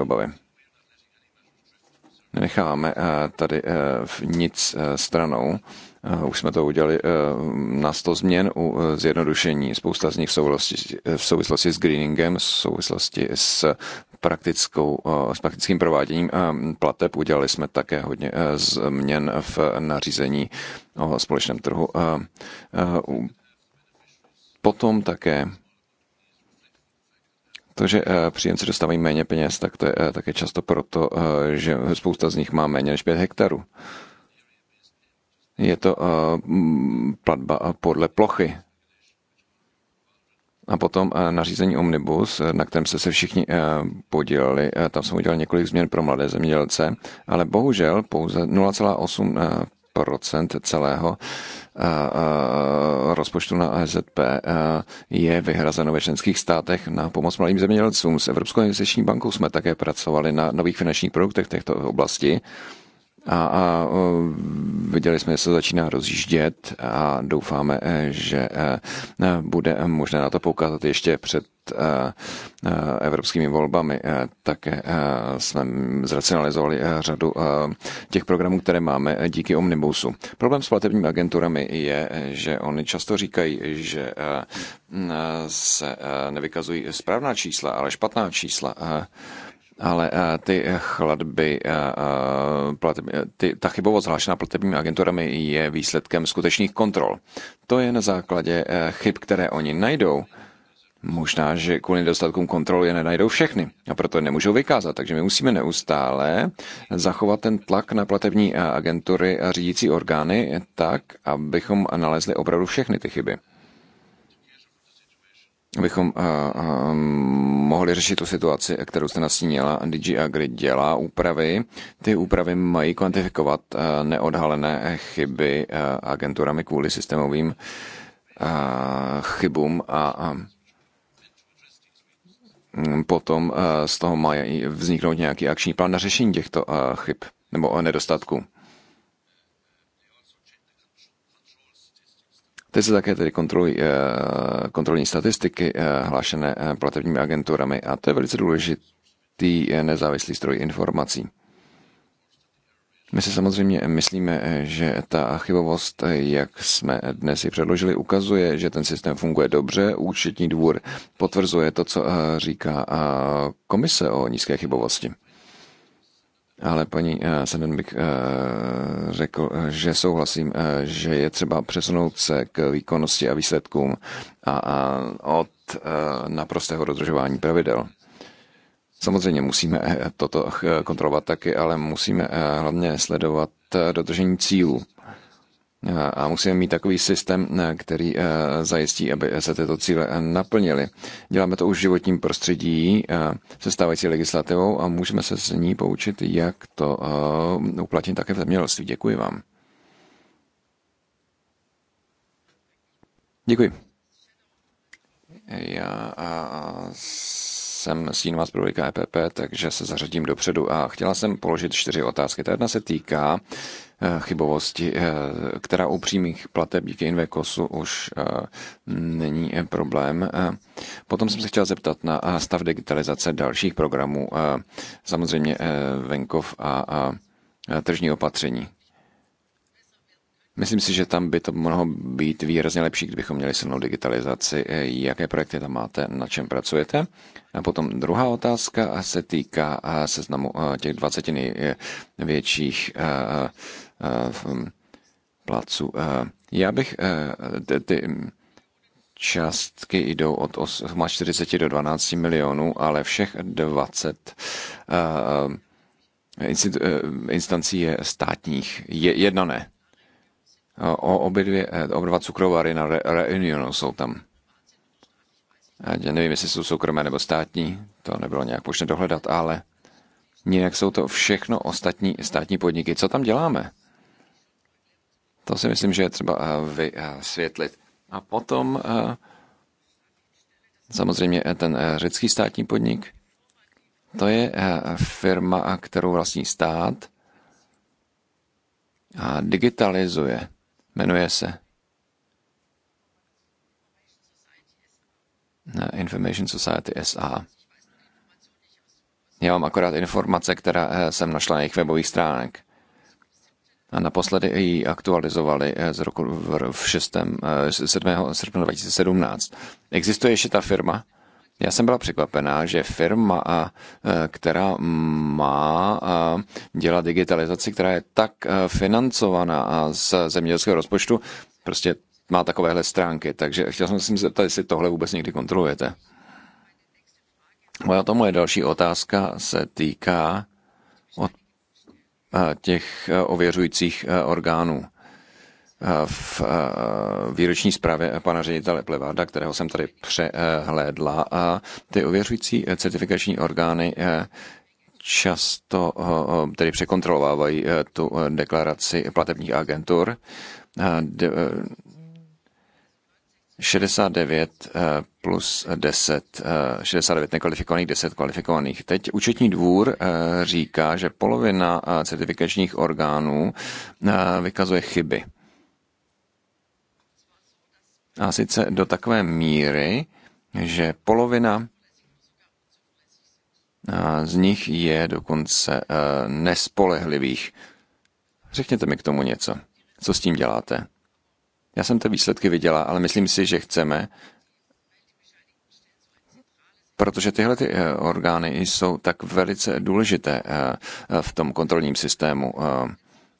obavy. Nenecháváme eh, tady eh, nic eh, stranou. Už jsme to udělali na 100 změn u zjednodušení. Spousta z nich v souvislosti s greeningem, v souvislosti s, praktickou, s praktickým prováděním plateb. Udělali jsme také hodně změn v nařízení o společném trhu. Potom také to, že eh, příjemci dostávají méně peněz, tak to je eh, také často proto, eh, že spousta z nich má méně než 5 hektarů. Je to platba podle plochy. A potom nařízení Omnibus, na kterém se se všichni podíleli, tam jsem udělal několik změn pro mladé zemědělce, ale bohužel pouze 0,8 procent celého eh, eh, rozpočtu na AZP eh, je vyhrazeno ve členských státech na pomoc malým zemědělcům. S Evropskou investiční bankou jsme také pracovali na nových finančních produktech v této oblasti a, a viděli jsme, že se začíná rozjíždět a doufáme, že bude možné na to poukázat ještě před Eh, eh, evropskými volbami. Eh, také jsme zracionalizovali řadu těch programů, které máme díky Omnibusu. Problém s platebními agenturami je, že oni často říkají, že mm, se nevykazují správná čísla, ale špatná čísla ale ty chladby, ty, ta chybovost hlášená platebními agenturami je výsledkem skutečných kontrol. To je na základě chyb, které oni najdou Možná, že kvůli nedostatkům kontroly je nenajdou všechny a proto je nemůžou vykázat. Takže my musíme neustále zachovat ten tlak na platební agentury a řídící orgány tak, abychom nalezli opravdu všechny ty chyby abychom a, eh, a, eh, mohli řešit tu situaci, kterou jste nastínila. DG Agri dělá úpravy. Ty úpravy mají kvantifikovat a, eh, neodhalené chyby a, agenturami kvůli systémovým a, chybům a a Mm, potom eh, z toho má vzniknout nějaký akční plán na řešení těchto eh, chyb nebo eh, nedostatků. Teď se také tedy kontrolují kontrolní statistiky hlášené platebními agenturami a to je velice důležitý nezávislý stroj informací. My si samozřejmě myslíme, že ta chybovost, jak jsme dnes ji předložili, ukazuje, že ten systém funguje dobře. Účetní dvůr potvrzuje to, co eh, říká eh, komise o nízké chybovosti. Ale paní eh, Senden bych řekl, že souhlasím, že je třeba přesunout se k výkonnosti a výsledkům a od naprostého dodržování pravidel. Samozřejmě musíme eh, toto eh, kontrolovat taky, ale musíme eh, hlavně sledovat dodržení cílů. A musíme mít takový systém, který zajistí, aby se tyto cíle naplnily. Děláme to už v životním prostředí se stávající legislativou a můžeme se z ní poučit, jak to uplatnit také v zemědělství. Děkuji vám. Děkuji. Já jsem vás zpravodajka EPP, takže se zařadím dopředu a chtěla jsem položit čtyři otázky. Ta jedna se týká eh, chybovosti, eh, která u přímých plateb díky Invekosu už eh, není problém. Potom jsem se chtěl zeptat na stav digitalizace dalších programů, samozřejmě venkov a tržní opatření. Myslím si, že tam by to mohlo být výrazně lepší, kdybychom měli silnou digitalizaci. Jaké projekty tam máte, na čem pracujete? A potom druhá otázka se týká eh, seznamu eh, těch 20 největších eh, placů. Já bych ty částky jdou od 40 do 12 milionů, ale všech 20 instancí je státních. jedno jedna ne. O obě dvě, eh, oba dva cukrovary na Re- Reunionu jsou tam. Já nevím, jestli jsou soukromé nebo státní, to nebylo nějak možné dohledat, ale nějak jsou to všechno ostatní státní podniky. Co tam děláme? To si myslím, že je třeba eh, vysvětlit. A potom eh, samozřejmě ten řecký státní podnik, to je firma, kterou vlastní stát a digitalizuje Jmenuje se Information Society SA. Já mám akorát informace, která eh, jsem našla na jejich webových stránek. A naposledy ji aktualizovali eh, z roku v 6. 7. Eh, srpna 2017. Existuje ještě ta firma? Já jsem byla překvapená, že firma, e, která má dělat digitalizaci, která je tak e, financovaná z zemědělského rozpočtu, prostě má takovéhle stránky. Takže chtěl jsem se zeptat, jestli tohle vůbec někdy kontrolujete. Moja to moje další otázka se týká od e, těch ověřujících orgánů. Eh, v eh, výroční zprávě pana ředitele Plevarda, kterého jsem tady přehlédla, a ty ověřující eh, certifikační orgány často tedy překontrolovávají tu deklaraci platebních agentur. 69 plus 10, 69 nekvalifikovaných, 10 kvalifikovaných. Teď účetní dvůr říká, že polovina certifikačních orgánů vykazuje chyby. A sice do takové míry, že polovina z nich je dokonce e, nespolehlivých. Řekněte mi k tomu něco. Co s tím děláte? Já jsem ty výsledky viděla, ale myslím si, že chceme, protože tyhle ty e, orgány jsou tak velice důležité e, v tom kontrolním systému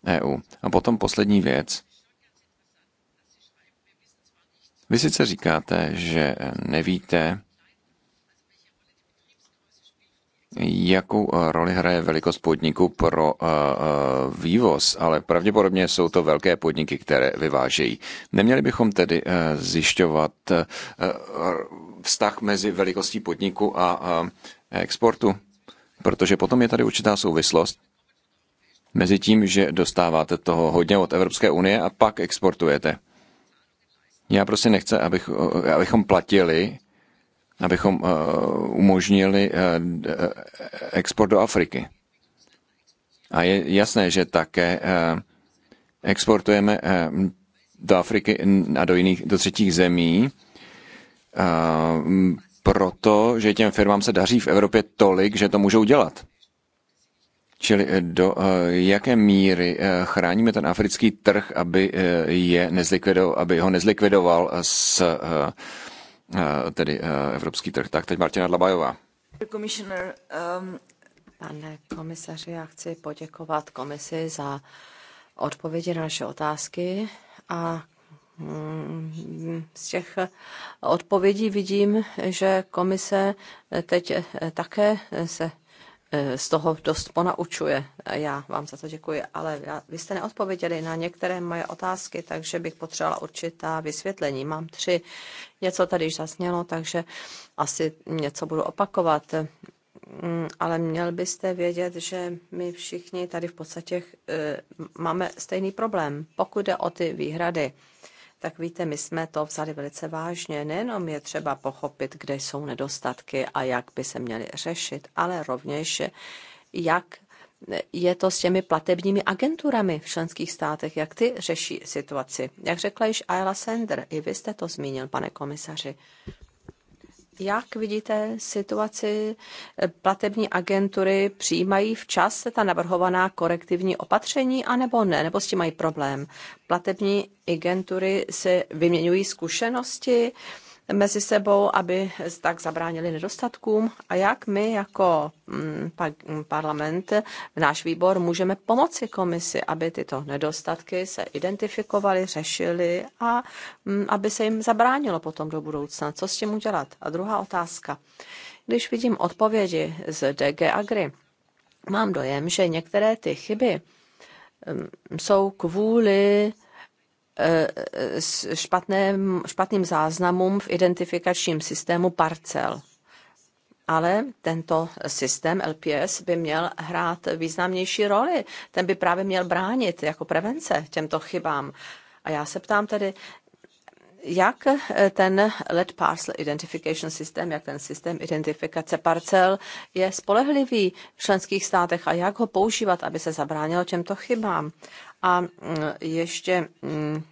EU. A potom poslední věc. Vy sice říkáte, že nevíte, jakou roli hraje velikost podniku pro eh, eh, vývoz, ale pravděpodobně jsou to velké podniky, které vyvážejí. Neměli bychom tedy eh, zjišťovat vztah mezi velikostí podniku a exportu, protože potom je tady určitá souvislost mezi tím, že dostáváte toho hodně od Evropské unie a pak exportujete. Já prostě nechce, abych, abychom platili, abychom uh, umožnili uh, export do Afriky. A je jasné, že také uh, exportujeme uh, do Afriky a do jiných, do třetích zemí, uh, že těm firmám se daří v Evropě tolik, že to můžou dělat. Čili eh, do eh, jaké míry eh, chráníme ten africký trh, aby, je nezlikvidoval, aby ho nezlikvidoval s tedy evropský trh. Tak teď Martina Dlabajová. Ehm, Pane komisaři, já chci poděkovat komisi za odpovědi na naše otázky a mm, z těch odpovědí vidím, že komise teď také se Eh, z toho dost ponaučuje. Eh, já vám za to děkuji, ale vy jste neodpověděli na některé moje otázky, takže bych potřebovala určitá vysvětlení. Mám tři, něco tady již zasnělo, takže asi něco budu opakovat. Mm, ale měl byste vědět, že my všichni tady v podstatě eh, máme stejný problém, pokud jde o ty výhrady tak víte, my jsme to vzali velice vážně. Nejenom je třeba pochopit, kde jsou nedostatky a jak by se měly řešit, ale rovněž jak je to s těmi platebními agenturami v členských státech, jak ty řeší situaci. Jak řekla již Ayla Sender, i vy jste to zmínil, pane komisaři. Jak vidíte situaci eh, platební agentury, přijímají včas ta navrhovaná korektivní opatření, anebo ne, nebo s tím mají problém? Platební agentury se vyměňují zkušenosti, mezi sebou, aby tak zabránili nedostatkům a jak my jako mm, mm, parlament, náš výbor, můžeme pomoci komisi, aby tyto nedostatky se identifikovaly, řešily a mm, aby se jim zabránilo potom do budoucna. Co s tím udělat? A druhá otázka. Když vidím odpovědi z DG Agri, mám dojem, že některé ty chyby jsou kvůli špatným, špatným záznamům v identifikačním systému parcel. Ale tento systém LPS by měl hrát významnější roli. Ten by právě měl bránit jako prevence těmto chybám. A já se ptám tedy, jak ten LED Parcel Identification System, jak ten systém identifikace parcel je spolehlivý v členských státech a jak ho používat, aby se zabránilo těmto chybám. A mm, ještě mm,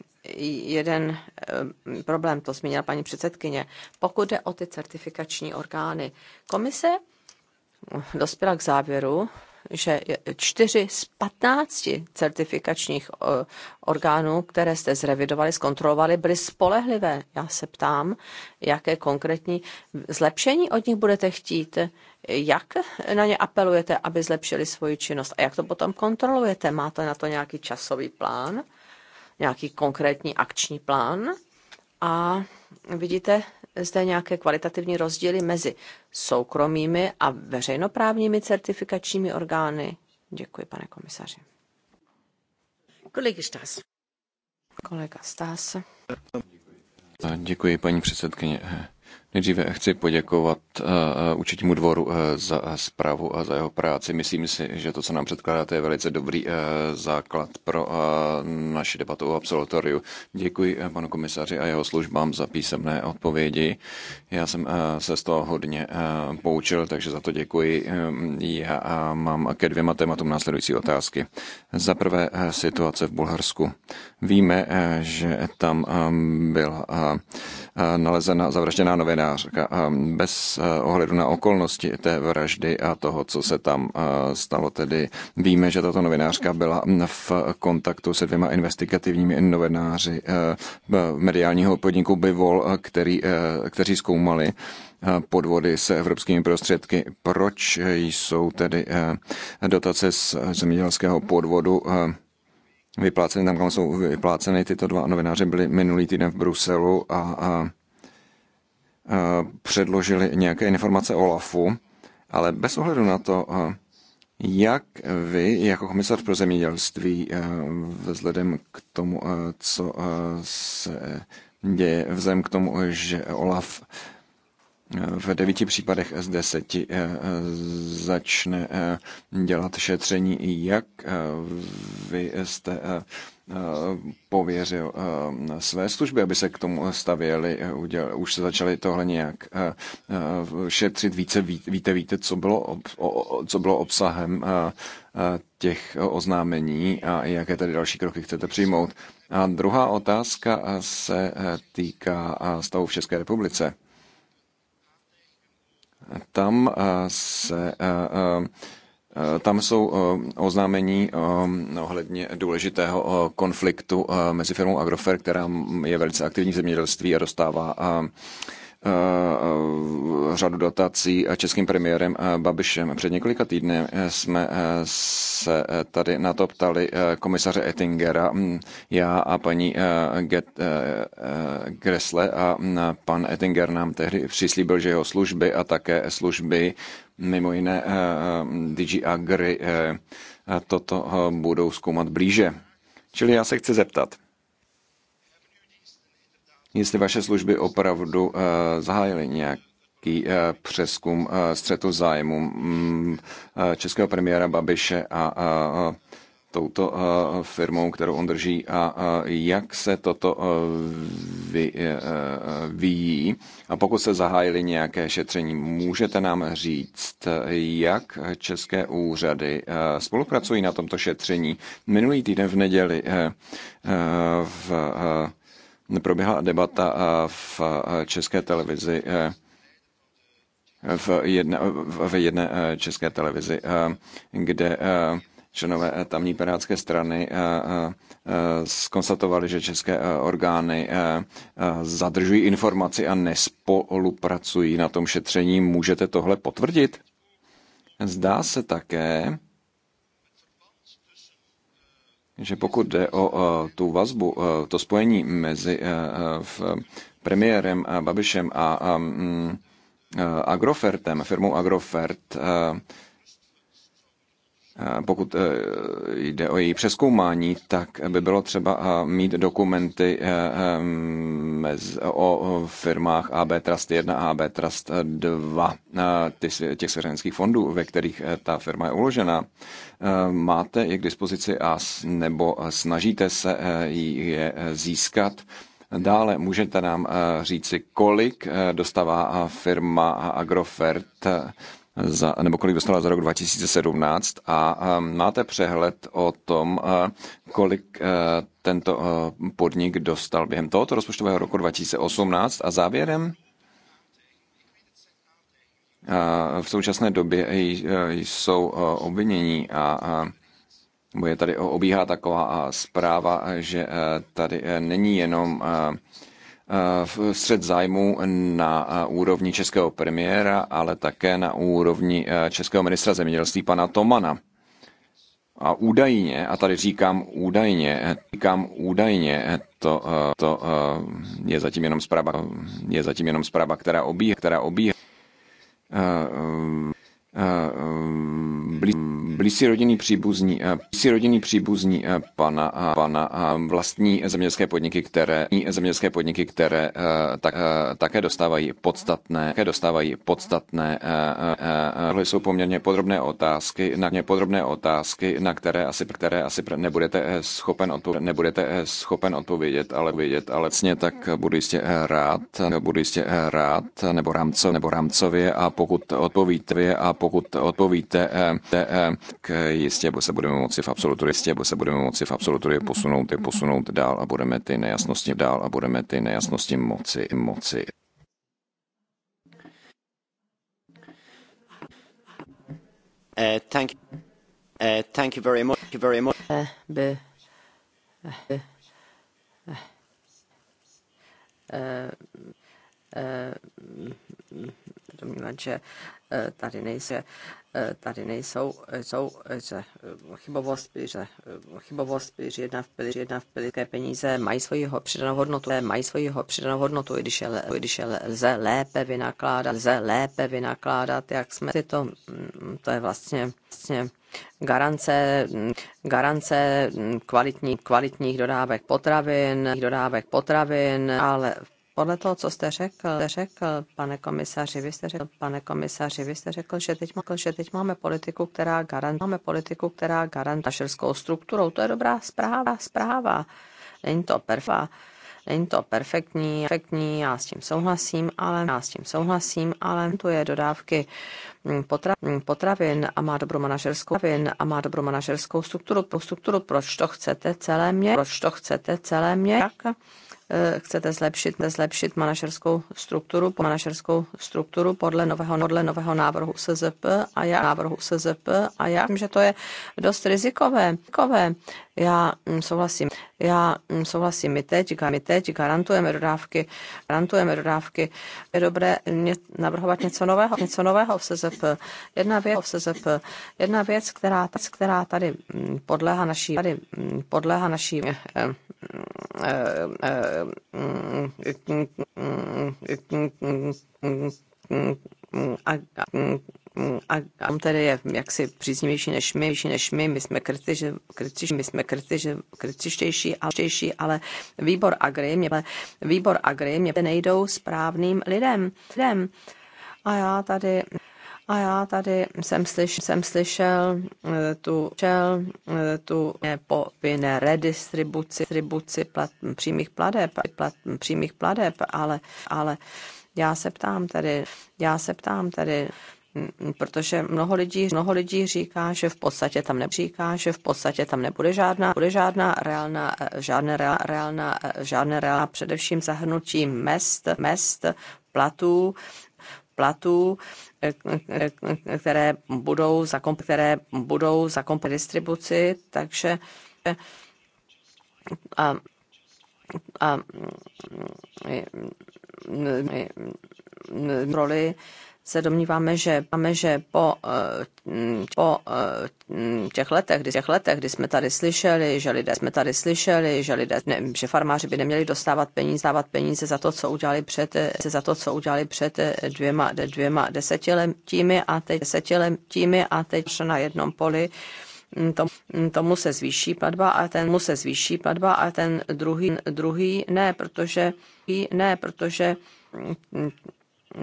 jeden eh, problém, to zmínila paní předsedkyně. Pokud jde o ty certifikační orgány, komise mm, dospěla k závěru že čtyři z patnácti certifikačních eh, orgánů, které jste zrevidovali, zkontrolovali, byly spolehlivé. Já se ptám, jaké konkrétní zlepšení od nich budete chtít, jak na ně apelujete, aby zlepšili svoji činnost a jak to potom kontrolujete. Máte na to nějaký časový plán, nějaký konkrétní akční plán? A vidíte, zde nějaké kvalitativní rozdíly mezi soukromými a veřejnoprávními certifikačními orgány? Děkuji, pane komisaři. Kolega Stas. Kolega Stas. Děkuji, paní předsedkyně. Nejdříve chci poděkovat eh, eh, účetnímu dvoru eh, za zprávu a za jeho práci. Myslím si, že to, co nám předkládáte, je velice dobrý základ pro naši debatu o absolutoriu. Děkuji panu komisaři a jeho službám za písemné odpovědi. Já jsem se z toho hodně poučil, takže za to děkuji. Já mám ke dvěma tématům následující otázky. Za prvé situace v Bulharsku. Víme, že tam byla nalezena, zavražděná novina novinářka bez e, ohledu na okolnosti té vraždy a toho, co se tam e, stalo. Tedy víme, že tato novinářka byla v kontaktu se dvěma investigativními novináři e, mediálního podniku Bivol, který, kteří zkoumali podvody se evropskými prostředky. Proč jsou tedy dotace z zemědělského podvodu vypláceny tam, kam jsou vypláceny. Tyto dva novináři byli minulý týden v Bruselu a, a Eh, předložili nějaké informace OLAFu, ale bez ohledu na to, eh, jak vy jako komisar pro zemědělství eh, vzhledem k tomu, co se děje, vzhledem k tomu, že OLAF v devíti případech z deseti začne dělat šetření, jak vy jste Eh, pověřil eh, své služby, aby se k tomu stavěli. Eh, už se začali tohle nějak šetřit. Více, víte, víte, co bylo, co bylo obsahem těch oznámení a jaké tady další kroky chcete přijmout. A druhá otázka se týká stavu v České republice. Tam se Eh, tam jsou eh, oznámení eh, ohledně důležitého konfliktu mezi firmou Agrofer, která je velice aktivní v zemědělství a dostává řadu dotací českým premiérem Babišem. Před několika týdny jsme se tady na to ptali komisaře Ettingera, mm, já a paní Gressle a mm, pan Ettinger nám tehdy přislíbil, že jeho služby a také služby mimo jiné eh, eh, DG Agri eh, toto budou zkoumat blíže. Čili já se chci zeptat, jestli vaše služby opravdu zahájily nějak přeskum střetu zájmu mm, českého premiéra Babiše a touto eh, firmou, kterou on drží a jak se toto eh, vyjí, eh, A pokud se zahájili nějaké šetření, můžete nám říct, jak české úřady spolupracují na tomto šetření. Minulý týden v neděli v proběhla debata v české televizi v jedné, v jedné české televizi, kde členové eh, tamní pirátské strany skonstatovali, eh, eh, že české orgány zadržují informaci a nespolupracují na tom šetření. Můžete tohle potvrdit? Zdá se také, že pokud jde o tu vazbu, to spojení mezi premiérem Babišem a mm, Agrofertem, firmou Agrofert, pokud e, jde o její přeskoumání, tak by bylo třeba e, mít dokumenty e, o firmách AB Trust 1 a AB Trust 2 těch svěřenských fondů, ve kterých ta firma je uložena. Máte je k dispozici a nebo snažíte se je získat? Dále můžete nám říci, kolik dostává firma Agrofert za, nebo kolik dostala za rok 2017 a máte přehled o tom, kolik tento podnik dostal během tohoto rozpočtového roku 2018 a závěrem v současné době jsou obvinění a je tady obíhá taková zpráva, že tady není jenom Eh, v střed zájmu na eh, úrovni českého premiéra, ale také na úrovni eh, českého ministra zemědělství pana Tomana. A údajně, a tady říkám údajně, říkám údajně, to, to je zatím jenom zpráva, je zatím jenom zpráva, která obíhá, která obíhá Eh, eh, blízcí rodinný příbuzní, eh, blízcí rodinný příbuzní pana a pana a vlastní zemědělské podniky, které zemědělské podniky, které tak, také dostávají podstatné, také dostávají podstatné. Tohle jsou poměrně podrobné otázky, na ně podrobné otázky, na které asi, které asi nebudete schopen odpovědět, nebudete schopen odpovědět, ale vědět, ale cně vlastně tak budu jistě rád, budu jistě rád, nebo rámcově, nebo rámcově a pokud odpovíte a pokud odpovíte, k jistě se budeme moci v absolutu, jistě se budeme moci v absolutory posunout, posunout dál a budeme ty nejasnosti dál a budeme ty nejasnosti moci, moci thank Uh, thank you very much. Thank you very much. Uh, by, by, uh, uh, že Eh, tady nejsou, eh, tady nejsou, eh, jsou, že chybovost, že chybovost že jedna v pilíř jedna v pilířské peníze mají svoji přidanou hodnotu, mají svoji přidanou hodnotu, i když je, i když je lze lépe vynakládat, lze lépe vynakládat, jak jsme si to, mm, to je vlastně, vlastně garance, mm, garance mm, kvalitní, kvalitních dodávek potravin, dodávek potravin, ale v podle toho, co jste řekl, řekl pane komisaři, vy jste řekl, pane komisaři, vy jste řekl, že teď, že teď máme politiku, která garantuje, máme politiku, která garantuje šerskou strukturou. To je dobrá zpráva, zpráva. Není to perfa. Není to perfektní, perfektní, já s tím souhlasím, ale já s tím souhlasím, ale tu je dodávky hm, potra, hm, potravin a má dobrou manažerskou potravin a má dobrou manažerskou strukturu, strukturu, proč to chcete celé mě, proč to chcete celé mě, tak Eh, chcete zlepšit, zlepšit manažerskou strukturu, manažerskou strukturu podle nového, podle nového návrhu SZP a já návrhu SZP a já vím, že to je dost rizikové, rizikové já souhlasím. Já souhlasím. My teď, my teď garantujeme dodávky, garantujeme dodávky. Je dobré navrhovat něco nového, něco nového v SZP. Jedna věc, v SZP. Jedna věc, která, která tady podléhá naší, tady podléhá naší eh, eh, eh, Mm, a, a tedy je jaksi příznivější než my, než my, my jsme, kritičtější, my jsme kritičtější, ale, ale výbor agry, mě, výbor agry mě nejdou správným lidem. lidem. A já tady a já tady jsem, slyš, jsem slyšel eh, tu, čel, eh, tu povinné redistribuci distribuci plat, přímých pladeb, plat, přímých pladeb ale, ale já se ptám tady, já se ptám tady, protože mnoho lidí, mnoho lidí říká, že v podstatě tam neříká, že v podstatě tam nebude žádná, bude žádná reálná, žádné reálná, žádné reálná, především zahrnutí mest, mest, platů, platů, které budou za které budou za distribuci, takže a, a a, se domníváme, že, že po, eh, po eh, těch letech, kdy, těch letech, kdy jsme tady slyšeli, že lidé jsme tady slyšeli, že lidé, ne, že farmáři by neměli dostávat peníze, dávat peníze za to, co udělali před, za to, co udělali před dvěma, dvěma desetiletími a teď desetiletími a teď na jednom poli tom, tomu se zvýší platba a ten mu se zvýší platba a ten druhý, druhý ne, protože ne, protože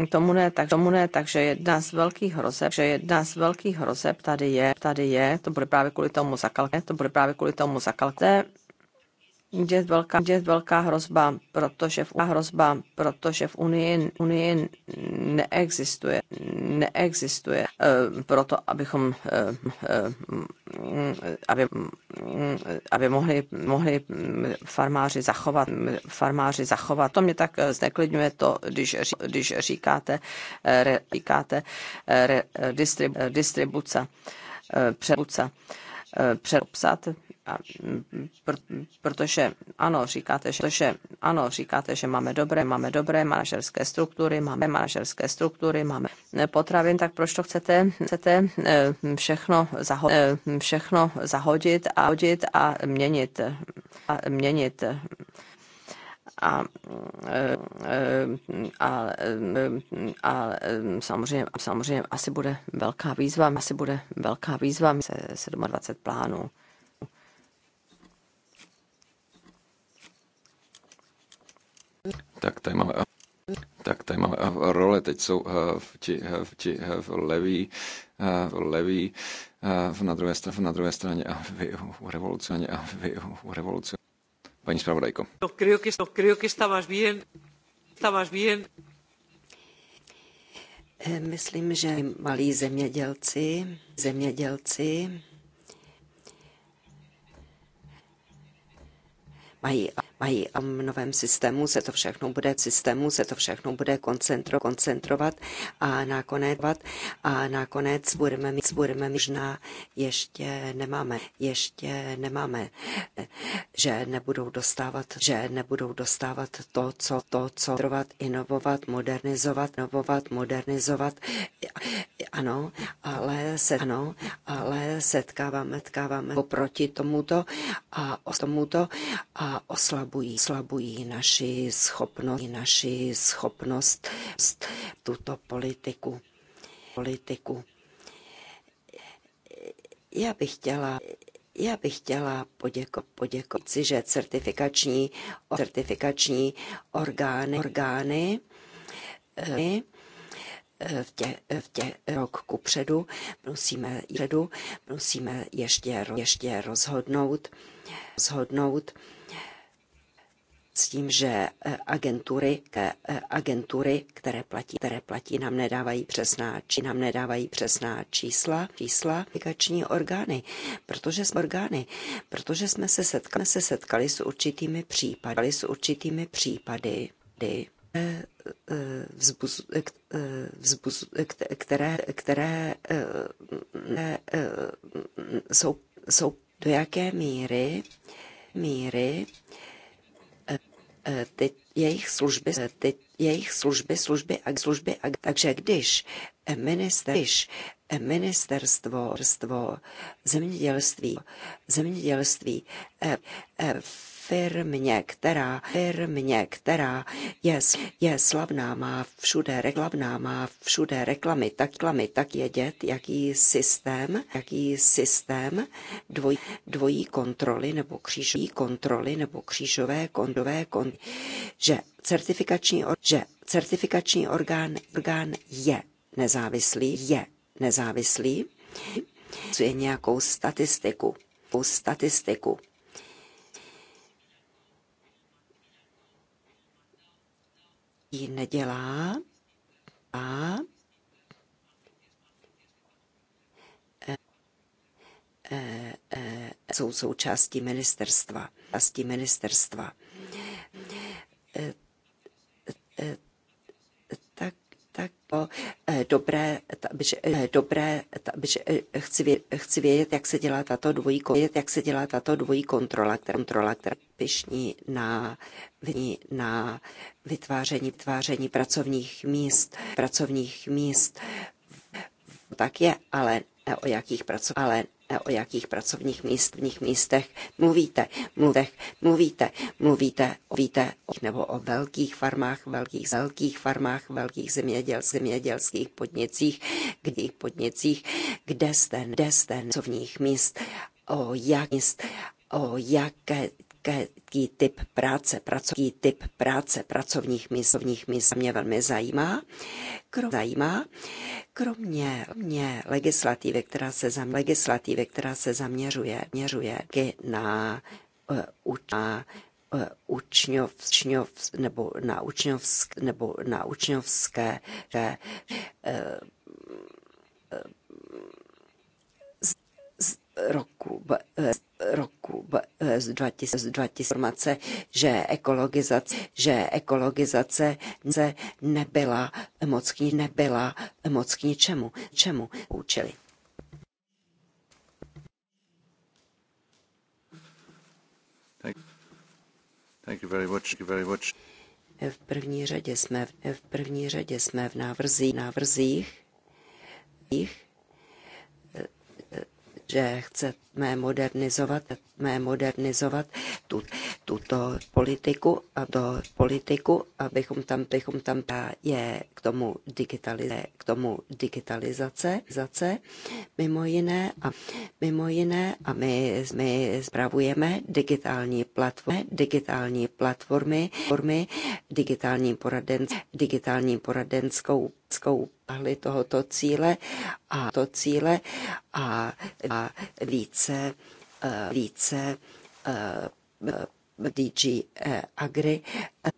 tomu ne, tak, tomu ne, takže jedna z velkých hrozeb, že jedna z velkých hrozeb tady je, tady je, to bude právě kvůli tomu zakalkné, to bude právě kvůli tomu zakalkné, je velká, je velká hrozba, protože v, hrozba, protože v Unii, Unii neexistuje, neexistuje uh, proto, abychom uh, uh, aby, aby mohli, mohli farmáři zachovat, farmáři zachovat. To mě tak zneklidňuje to, když, když říkáte, re, říkáte re, distribu, distribuce, přebuce, přeopsat protože ano, říkáte, že, protože, ano, říkáte, že máme dobré, máme dobré manažerské struktury, máme manažerské struktury, máme potravin, tak proč to chcete, chcete e, všechno, zaho, e, všechno zahodit a hodit a měnit a měnit a, e, a, a, a samozřejmě, samozřejmě asi bude velká výzva, asi bude velká výzva se 27 plánů. tak tady máme tak tady máme eh, role, teď jsou eh, v, ti, eh, v, ti v leví, leví na druhé, straně, na druhé straně a vy u revoluce, a vy u revoluce. Paní zpravodajko. No, creo que, no, creo que está más bien, está más bien. Myslím, že malí zemědělci, zemědělci mají, mají a um, v novém systému se to všechno bude systému se to všechno bude koncentro, koncentrovat a nakonec a nakonec budeme mít, budeme mít, možná ještě nemáme, ještě nemáme, že nebudou dostávat, že nebudou dostávat to, co, to, co trvat, inovovat, modernizovat, inovovat, modernizovat ano, ale, se, ano, ale setkáváme, tkáváme proti tomuto a o tomuto a oslabují, oslabují naši schopnost, naši schopnost tuto politiku. politiku. Já bych chtěla já bych chtěla poděko, poděkovat si, že certifikační, certifikační orgány, orgány eh, v tě, v tě rok ku předu. Musíme, předu, musíme ještě, ještě rozhodnout, rozhodnout s tím, že eh, agentury, eh, agentury které, platí, které platí, nám nedávají přesná, či nám nedávají přesná čísla, čísla aplikační orgány, protože jsme orgány, protože jsme se setkali, se setkali s určitými případy, s určitými případy, kdy Vzbuz, které, které jsou, jsou do jaké míry, míry ty, jejich služby, ty, jejich služby, služby a služby a takže když minister, když ministerstvo zemědělství, zemědělství firmě, která, firmě, která je, je slavná, má všude reklamná, má všude reklamy, tak reklamy, tak je dět, jaký systém, jaký systém dvoj, dvojí kontroly nebo křížové kontroly nebo křížové kondové kon, že certifikační, že certifikační orgán, orgán je nezávislý, je nezávislý, je nějakou statistiku, statistiku ji nedělá a e, e, e, jsou součástí ministerstva. Částí ministerstva. Tak, tak to dobré že eh, dobré, že eh, chci, vědět, chci vědět, jak se dělá tato dvojí, vědět, jak se dělá tato dvojí kontrola, která, kontrola, která pišní na, na vytváření, vytváření pracovních míst, pracovních míst. Tak je, ale o jakých pracovních ale E, o jakých pracovních míst, v nich místech mluvíte, mluvech, mluvíte, mluvíte, víte, nebo o velkých farmách, velkých, velkých farmách, velkých zeměděl, zemědělských podnicích, kdy podnicích, kde jste, kde jste, co v nich míst, o jak míst, o jaké jaký typ práce, pracovní typ práce pracovních místovních míst mě velmi zajímá. Krom, zajímá. Kromě mě legislativy, která se, zam, legislativy, která se zaměřuje měřuje na, uh, na uh, učňov, nebo na, učňovsk, nebo na učňovské, že, uh, uh, eh, roku, eh, roku eh, z 2000 informace, že ekologizace, že ekologizace se nebyla moc k nebyla moc k ničemu, čemu učili. Thank, thank you very much. Thank you very much. V první řadě jsme v první řadě jsme v návrzích návrzích návrzích že chceme modernizovat, chceme modernizovat tu, tuto politiku a do politiku, abychom tam, bychom tam je k tomu, digitalizace, k tomu digitalizace, zace, mimo jiné a mimo jiné a my, my zpravujeme digitální platformy, digitální platformy, digitální poradenskou, digitální poradenskou pahli tohoto cíle a to cíle a, a více, e, více e, DG eh, Agri,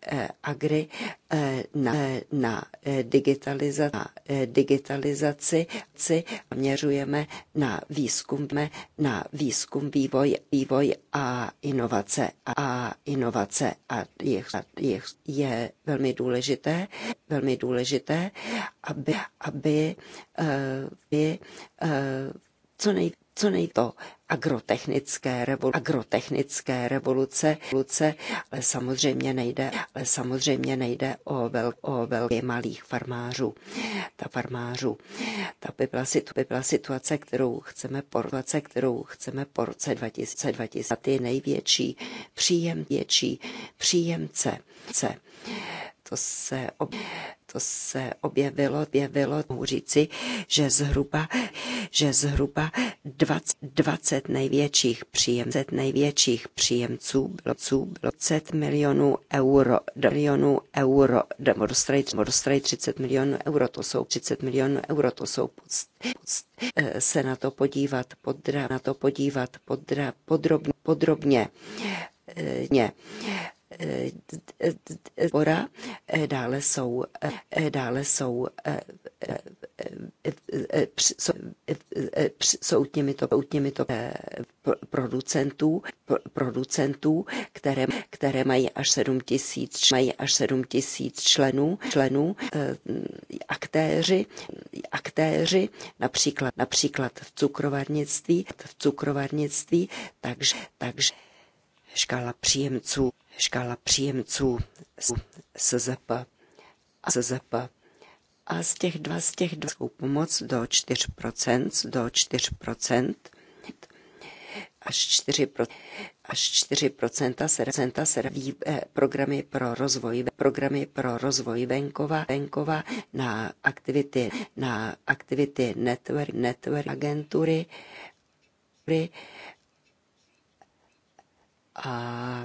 eh, Agri eh, na, na, digitaliza, na digitalizaci měřujeme na výzkum, na výzkum, vývoj, vývoj a inovace. A inovace a je, je, je velmi důležité, velmi důležité, aby, aby, aby co nejvíce co nejto agrotechnické, revolu- agrotechnické revoluce, revoluce, ale samozřejmě nejde, ale samozřejmě nejde o, vel- o velký malých farmářů. Ta farmářů, ta by byla, situ- by byla situace, kterou chceme po roce, kterou chceme po roce 2020, ty největší příjem, větší příjemce to se, to se objevilo, objevilo, mohu říci, že zhruba, že zhruba 20, 20 největších příjemců, největších příjemců bylo 20 milionů euro, milionů euro, morostrej, morostrej 30 milionů euro, to jsou 30 milionů euro, to jsou pust, pust, eh, se na to podívat, podra, na to podívat podra, podrobně, podrobně. Eh, ne pora, dále jsou, dále jsou, jsou těmito, těmito producentů, producentů, které, které mají až 7 tisíc, mají až 7 tisíc členů, členů, aktéři, aktéři, například, například v cukrovarnictví, v cukrovarnictví, takže, takže škála příjemců, škála příjemců SZP a SZP. A z těch dva, z těch dvou pomoc do 4%, do 4%, až 4%, až 4% se, procenta se ví, eh, programy pro rozvoj, programy pro rozvoj venkova, venkova na aktivity, na aktivity network, network agentury, a,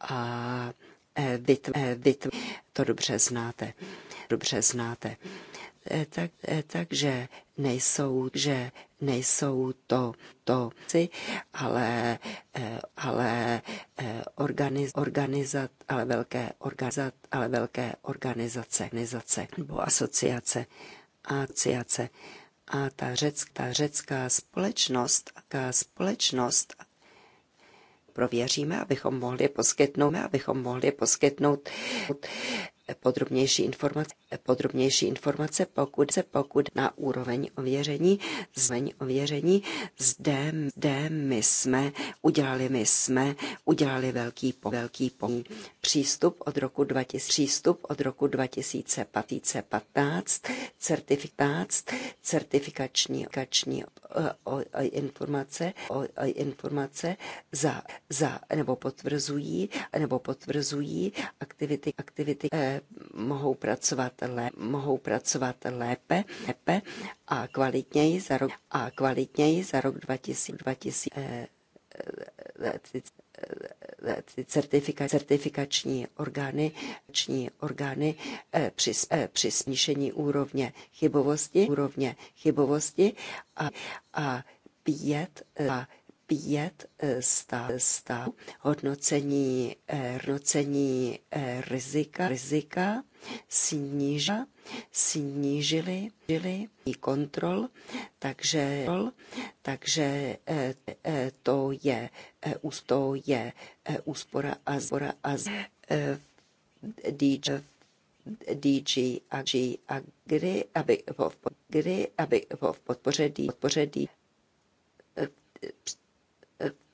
a vytv, e, e, to dobře znáte. Dobře znáte. E, tak, takže nejsou, že nejsou to, to si, ale, ale, organiz, organizat, ale velké organizat, ale velké organizace, organizace nebo asociace, asociace. A ta, řecká, ta řecká společnost, ta společnost prověříme, abychom mohli poskytnout, abychom mohli poskytnout podrobnější informace, podrobnější informace pokud se pokud na úroveň ověření, zveň ověření, zde, zde my jsme udělali, my jsme udělali velký, po, velký po. přístup od roku 2000, přístup od roku 2015, certifikát, certifikační kační, o, eh, o, o, informace, o, o, informace za, za, nebo potvrzují, nebo potvrzují aktivity, aktivity eh, mohou pracovat, lé, mohou pracovat lépe, lépe a kvalitněji za rok, a kvalitněji za rok 2000, 2000 eh, eh, eh, eh, certifika, certifikační orgány, ční orgány při, při snížení úrovně chybovosti, úrovně chybovosti a, a pět a pět eh, států hodnocení, eh, hodnocení eh, rizika, rizika sníža, snížili, snížili kontrol, takže, takže to je, to je úspora a zbora a z, DJ DG a G a kdy, aby, kdy, aby v podpoře D, podpoře D,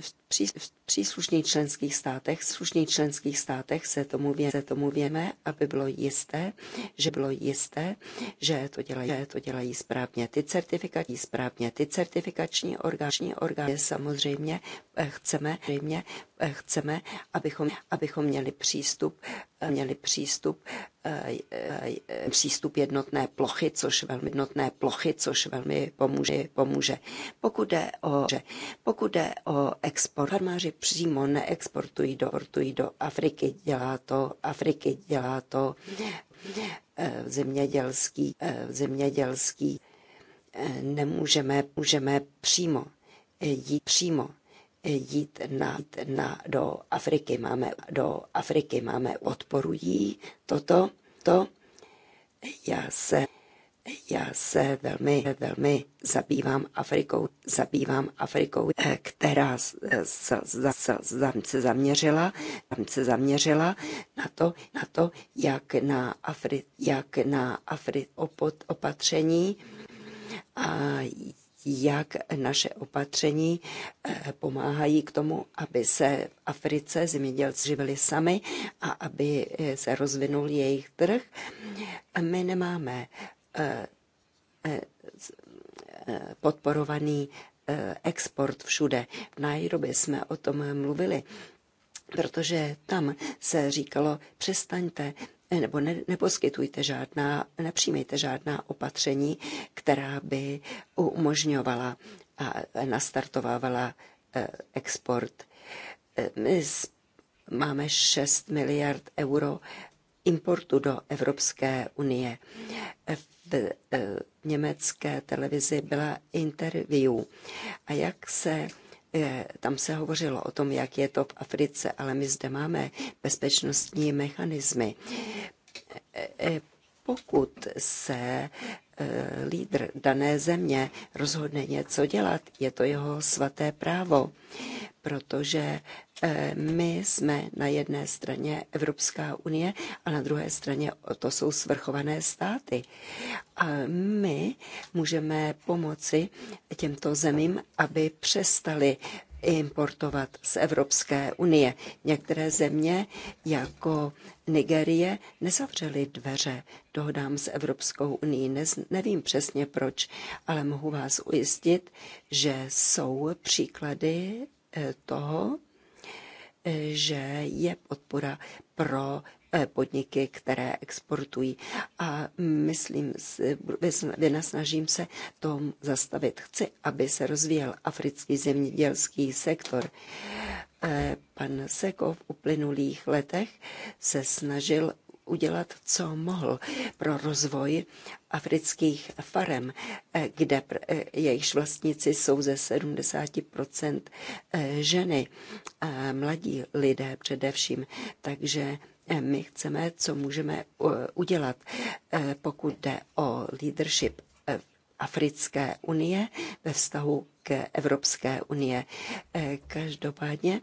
v příslušných členských státech, slušných příslušných členských státech se tomu, vě, se tomu věme, aby bylo jisté, že bylo jisté, že to dělají, že to dělají správně. Ty certifikační správně, ty certifikační orgány, orgány samozřejmě eh, chceme, samozřejmě eh, chceme, abychom, abychom měli přístup, eh, měli přístup přístup jednotné plochy, což velmi jednotné plochy, což velmi pomůže. pomůže. Pokud jde o, pokud jde o export. Farmáři přímo neexportují do, do Afriky, dělá to, Afriky dělá to eh, zemědělský, eh, zemědělský eh, nemůžeme můžeme přímo jít přímo jít na, na, do Afriky. Máme, do Afriky máme, odporují toto, to. Já se já se velmi, velmi zabývám Afrikou, zabývám Afrikou, eh, která se, eh, se, se zaměřila, se zaměřila na to, na to, jak na Afri, jak na Afri opot, opatření a jak naše opatření eh, pomáhají k tomu, aby se v Africe zemědělci živili sami a aby se rozvinul jejich trh. My nemáme Eh, eh, eh, podporovaný export všude. V Nairobi jsme o tom mluvili, protože tam se říkalo, přestaňte nebo ne, neposkytujte žádná, nepřijmejte žádná opatření, která by umožňovala a nastartovávala export. My máme 6 miliard euro importu do Evropské unie. V v eh, německé televizi byla interview. A jak se eh, tam se hovořilo o tom, jak je to v Africe, ale my zde máme bezpečnostní mechanismy. Eh, pokud se Eh, lídr dané země rozhodne něco dělat, je to jeho svaté právo, protože eh, my jsme na jedné straně Evropská unie a na druhé straně to jsou svrchované státy. A my můžeme pomoci těmto zemím, aby přestali importovat z Evropské unie. Některé země, jako Nigerie, nezavřely dveře dohodám s Evropskou unii. Nez, nevím přesně proč, ale mohu vás ujistit, že jsou příklady eh, toho, eh, že je podpora pro Eh, podniky, které exportují. A myslím, vynasnažím se tom zastavit. Chci, aby se rozvíjel africký zemědělský sektor. Eh, pan Seko v uplynulých letech se snažil udělat, co mohl pro rozvoj afrických farem, eh, kde jejichž vlastníci jsou ze 70 ženy, mladí lidé především. Takže Eh, my chceme, co můžeme eh, udělat, eh, pokud jde o leadership Africké unie ve vztahu k Evropské unie. Každopádně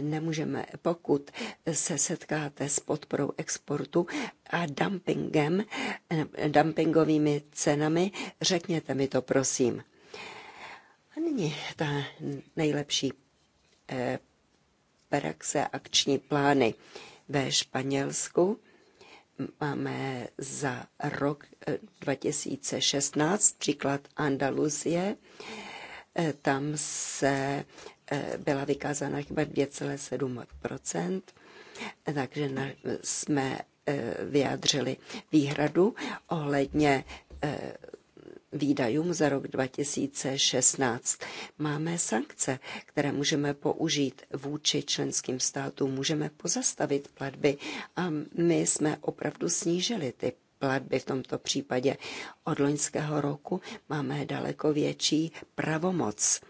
nemůžeme, pokud se setkáte s podporou exportu a dumpingem, dumpingovými cenami, řekněte mi to prosím. A nyní ta nejlepší praxe, akční plány ve Španělsku. Máme za rok 2016 eh, příklad Andaluzie. Eh, tam se eh, byla vykázána chyba 2,7 takže jsme vyjádřili výhradu ohledně výdajům za rok 2016. Máme sankce, které můžeme použít vůči členským státům, můžeme pozastavit platby a my jsme opravdu snížili ty platby v tomto případě. Od loňského roku máme daleko větší pravomoc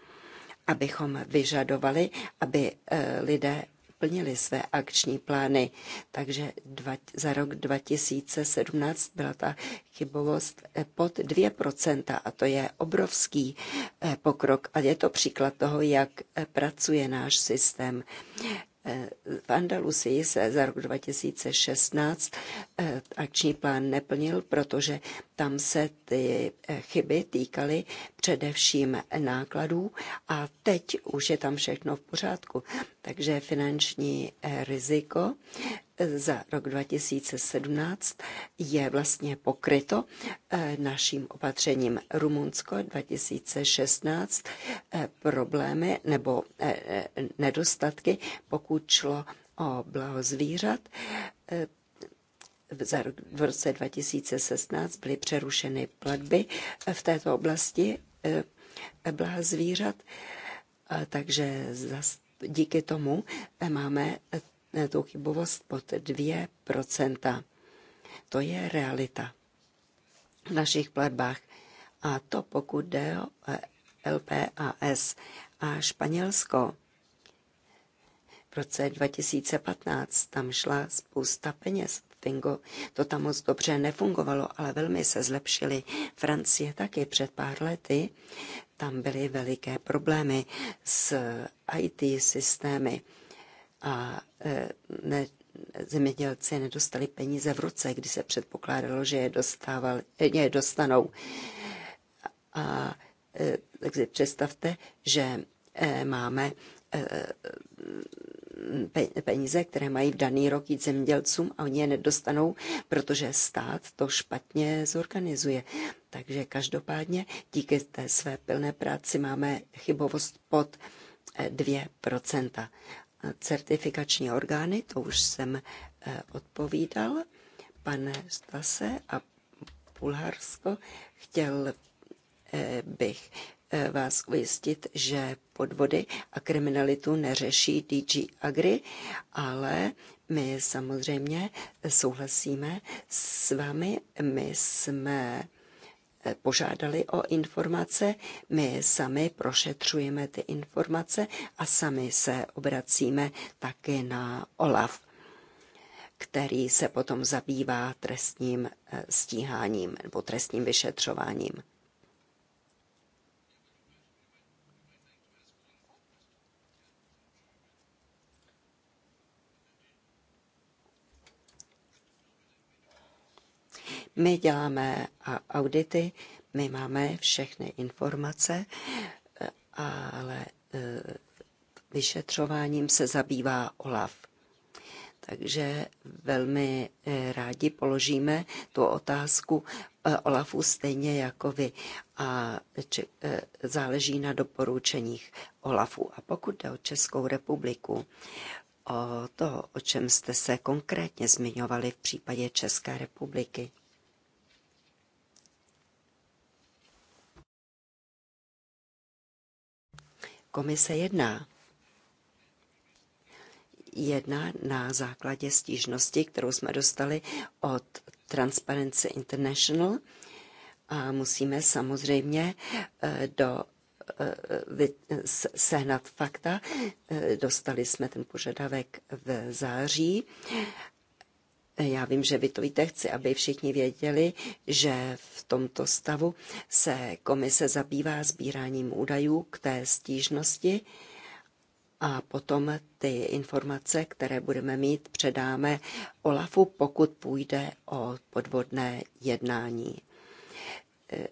abychom vyžadovali, aby eh, lidé splnili své akční plány. Takže dva, za rok 2017 byla ta chybovost eh, pod 2% a to je obrovský eh, pokrok a je to příklad toho, jak eh, pracuje náš systém. V Andalusii se za rok 2016 eh, akční plán neplnil, protože tam se ty eh, chyby týkaly především nákladů a teď už je tam všechno v pořádku. Takže finanční eh, riziko za rok 2017 je vlastně pokryto eh, naším opatřením Rumunsko 2016 eh, problémy nebo eh, nedostatky, pokud šlo o blaho zvířat. V roce 2016 byly přerušeny platby v této oblasti blaha zvířat, takže zase díky tomu máme tu chybovost pod 2%. To je realita v našich platbách. A to pokud jde o eh, LPAS a Španělsko. V roce 2015 tam šla spousta peněz. Fingo, to tam moc dobře nefungovalo, ale velmi se zlepšili. Francie taky před pár lety. Tam byly veliké problémy s IT systémy a e, ne, zemědělci nedostali peníze v ruce, kdy se předpokládalo, že je, dostával, je dostanou. A e, takže představte, že e, máme peníze, které mají v daný rok jít zemědělcům a oni je nedostanou, protože stát to špatně zorganizuje. Takže každopádně díky té své pilné práci máme chybovost pod 2% certifikační orgány, to už jsem eh, odpovídal. Pane Stase a Bulharsko, chtěl eh, bych eh, vás ujistit, že podvody a kriminalitu neřeší DG Agri, ale my samozřejmě souhlasíme s vámi. My jsme Eh, požádali o informace, my sami prošetřujeme ty informace a sami se obracíme taky na OLAF, který se potom zabývá trestním eh, stíháním nebo trestním vyšetřováním. My děláme audity, my máme všechny informace, ale e, vyšetřováním se zabývá OLAF. Takže velmi e, rádi položíme tu otázku e, Olafu stejně jako vy a či, záleží na doporučeních Olafu. A pokud jde o Českou republiku, o to, o čem jste se konkrétně zmiňovali v případě České republiky. Komise jedná. Jedná na základě stížnosti, kterou jsme dostali od Transparency International a musíme samozřejmě eh, do eh, sehnat fakta. Eh, dostali jsme ten požadavek v září já vím, že vy to víte, chci, aby všichni věděli, že v tomto stavu se komise zabývá sbíráním údajů k té stížnosti a potom ty informace, které budeme mít, předáme Olafu, pokud půjde o podvodné jednání. Eh,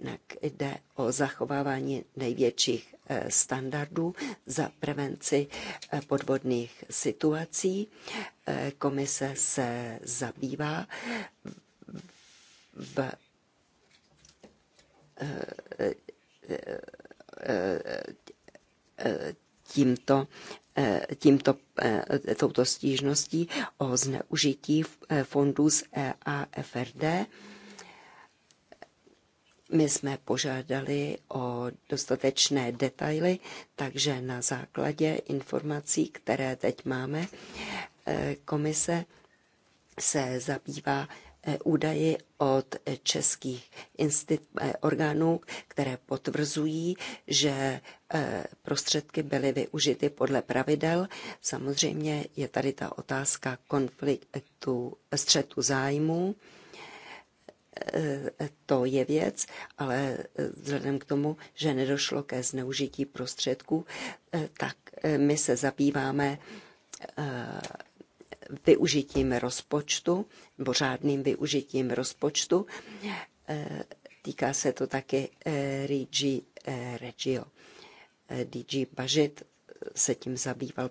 jinak jde o zachovávání největších Eh, standardů za prevenci eh, podvodných situací. Eh, komise se zabývá v tímto tímto, touto stížností o zneužití fondů z EAFRD my jsme požádali o dostatečné detaily, takže na základě informací, které teď máme, eh, komise se zabývá eh, údaji od českých eh, orgánů, které potvrzují, že prostředky byly využity podle pravidel. Samozřejmě je tady ta otázka konfliktu střetu zájmů. Eh, eh, to je věc, ale eh, vzhledem k tomu, že nedošlo ke zneužití prostředků, tak my se zabýváme využitím rozpočtu, nebo řádným využitím rozpočtu. Týká se to taky Rigi Regio. DG Bažit se tím zabýval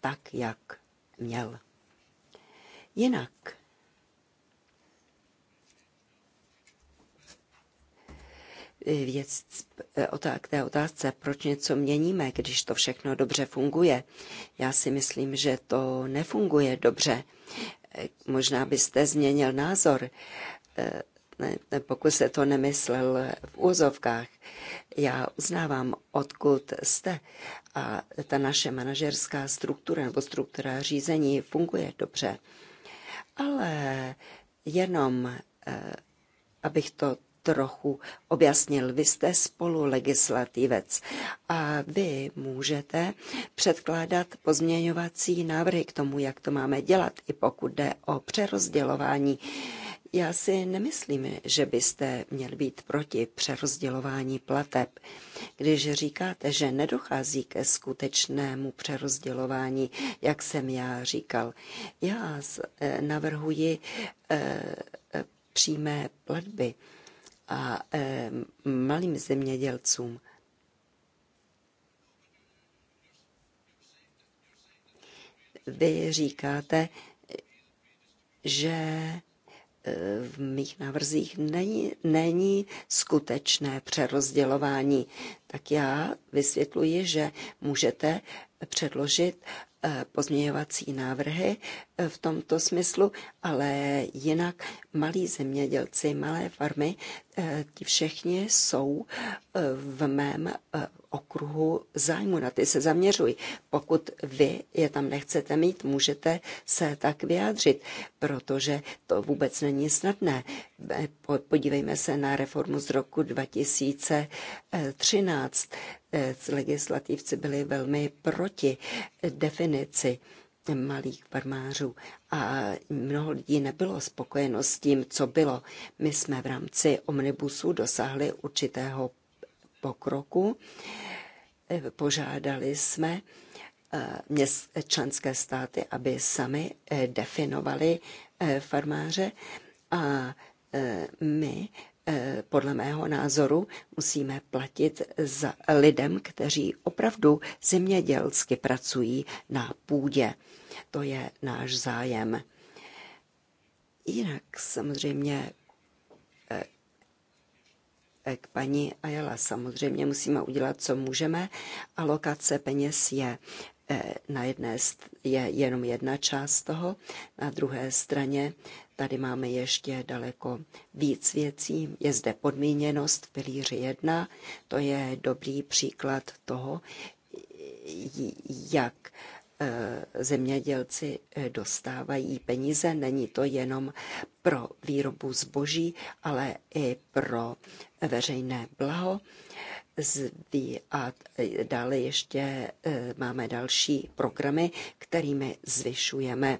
tak, jak měl. Jinak E, věc e, k té otázce, proč něco měníme, když to všechno dobře funguje. Já si myslím, že to nefunguje dobře. E, možná byste změnil názor, pokud se to nemyslel v úzovkách. Já uznávám, odkud jste a ta naše manažerská struktura nebo struktura řízení funguje dobře. Ale jenom, abych to trochu objasnil. Vy jste legislativec a vy můžete předkládat pozměňovací návrhy k tomu, jak to máme dělat, i pokud jde o přerozdělování. Já si nemyslím, že byste měl být proti přerozdělování plateb. Když říkáte, že nedochází ke skutečnému přerozdělování, jak jsem já říkal, já eh, navrhuji eh, eh, přímé platby a eh, malým zemědělcům. Vy říkáte, že eh, v mých návrzích není, není skutečné přerozdělování tak já vysvětluji, že můžete předložit eh, pozměňovací návrhy eh, v tomto smyslu, ale jinak malí zemědělci, malé farmy, eh, ti všichni jsou v mém okruhu zájmu, na ty se zaměřují. Pokud vy je tam nechcete mít, můžete se tak vyjádřit, protože to vůbec není snadné podívejme se na reformu z roku 2013. Eh, legislativci byli velmi proti definici malých farmářů a mnoho lidí nebylo spokojeno s tím, co bylo. My jsme v rámci omnibusu dosáhli určitého pokroku. Eh, požádali jsme eh, členské státy, aby sami definovali farmáře a Eh, my eh, podle mého názoru musíme platit za lidem, kteří opravdu zemědělsky pracují na půdě. To je náš zájem. Jinak samozřejmě eh, k paní Ajela samozřejmě musíme udělat, co můžeme. Alokace peněz je Eh, na jedné je jenom jedna část toho, na druhé straně tady máme ještě daleko víc věcí. Je zde podmíněnost v pilíři jedna, to je dobrý příklad toho, jak eh, zemědělci eh, dostávají peníze. Není to jenom pro výrobu zboží, ale i pro veřejné blaho zví a dále ještě eh, máme další programy, kterými zvyšujeme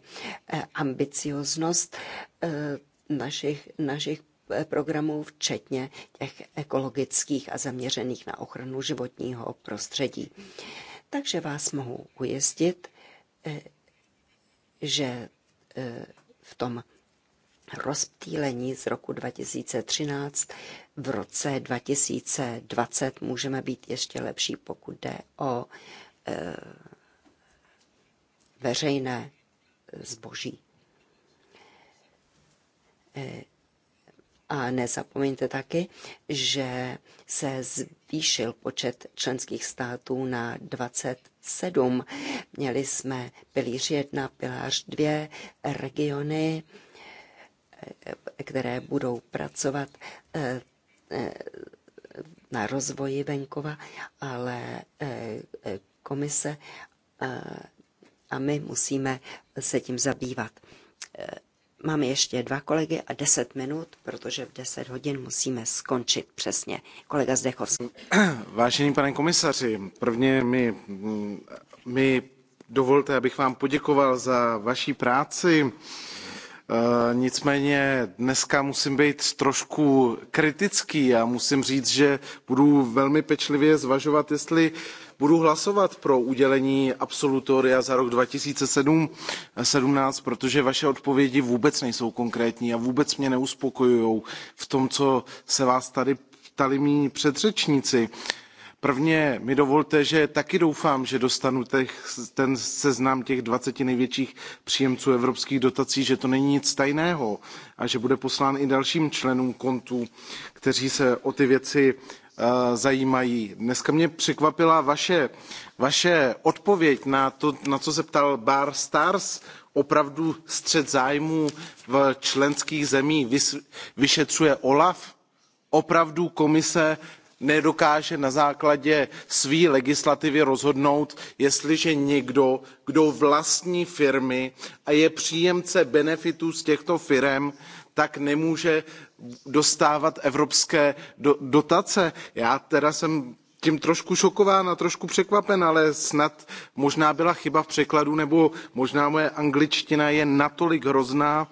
eh, ambicioznost eh, našich, našich programů, včetně těch ekologických a zaměřených na ochranu životního prostředí. Takže vás mohu ujistit, že v tom rozptýlení z roku 2013. V roce 2020 můžeme být ještě lepší, pokud jde o e, veřejné eh, zboží. E, a nezapomeňte taky, že se zvýšil počet členských států na 27. Měli jsme pilíř 1, pilář 2, regiony, které budou pracovat eh, eh, na rozvoji venkova, ale eh, komise a my musíme se tím zabývat. Máme ještě dva kolegy a deset minut, protože v deset hodin musíme skončit přesně. Kolega Zdechovský. Vážený pane komisaři, prvně mi, mi dovolte, abych vám poděkoval za vaší práci Eh, nicméně dneska musím být trošku kritický a musím říct, že budu velmi pečlivě zvažovat, jestli budu hlasovat pro udělení absolutoria za rok 2017, eh, protože vaše odpovědi vůbec nejsou konkrétní a vůbec mě neuspokojují v tom, co se vás tady ptali mý předřečníci. Uh, Prvně mi dovolte, že taky doufám, že dostanu těch, ten seznam těch 20 největších příjemců evropských dotací, že to není nic tajného a že bude poslán i dalším členům kontu, kteří se o ty věci eh, zajímají. Dneska mě překvapila vaše, vaše odpověď na to, na co se ptal Bar Stars, opravdu střed zájmů v členských zemích vyšetřuje OLAF? Opravdu komise nedokáže na základě své legislativy rozhodnout jestliže někdo kdo vlastní firmy a je příjemce benefitů z těchto firem tak nemůže dostávat evropské do, dotace. já teda jsem tím trošku šokován a trošku překvapen, ale snad možná byla chyba v překladu, nebo možná moje angličtina je natolik hrozná,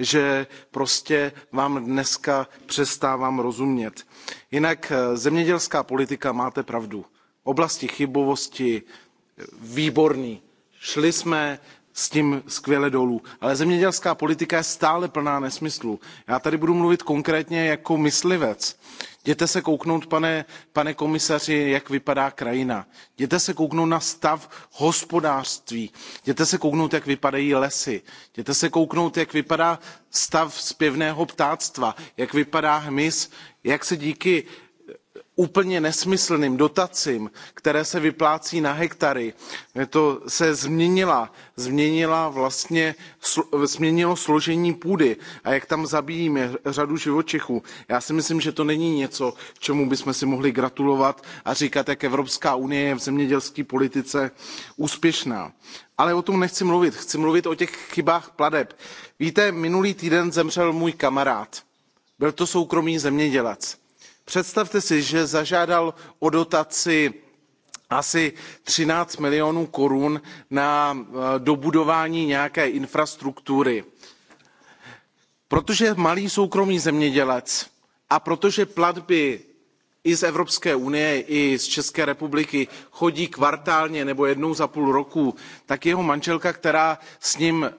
že prostě vám dneska přestávám rozumět. Jinak eh, zemědělská politika, máte pravdu. Oblasti chybovosti, eh, výborný. Šli jsme s tím skvěle dolů. Ale zemědělská politika je stále plná nesmyslů. Já tady budu mluvit konkrétně jako myslivec. Jděte se kouknout, pane, pane komisaři, jak vypadá krajina. Jděte se kouknout na stav hospodářství. Jděte se kouknout, jak vypadají lesy. Jděte se kouknout, jak vypadá stav zpěvného ptáctva, jak vypadá hmyz, jak se díky úplně nesmyslným dotacím které se vyplácí na hektary to se změnila, změnila vlastně, změnilo složení půdy a jak tam zabíjíme řadu živočichů. Já si myslím, že to není něco, k čemu bychom si mohli gratulovat a říkat, jak Evropská unie je v zemědělské politice úspěšná. Ale o tom nechci mluvit, chci mluvit o těch chybách pladeb. Víte, minulý týden zemřel můj kamarád. Byl to soukromý zemědělec Představte si, že zažádal o dotaci asi 13 milionů korun na eh, dobudování nějaké infrastruktury. Protože je malý soukromý zemědělec a protože platby i z Evropské unie, i z České republiky chodí kvartálně nebo jednou za půl roku, tak jeho manželka, která s ním e,